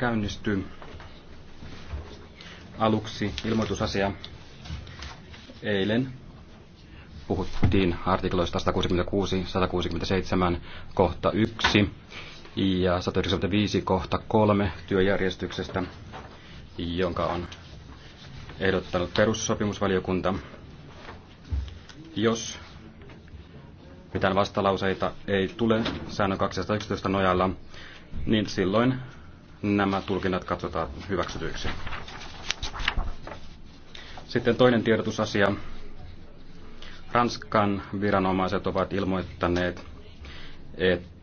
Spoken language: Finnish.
käynnistyy. Aluksi ilmoitusasia. Eilen puhuttiin artikloista 166, 167, kohta 1 ja 195, kohta 3 työjärjestyksestä, jonka on ehdottanut perussopimusvaliokunta. Jos mitään vastalauseita ei tule säännön 211 nojalla, niin silloin nämä tulkinnat katsotaan hyväksytyiksi. Sitten toinen tiedotusasia. Ranskan viranomaiset ovat ilmoittaneet, että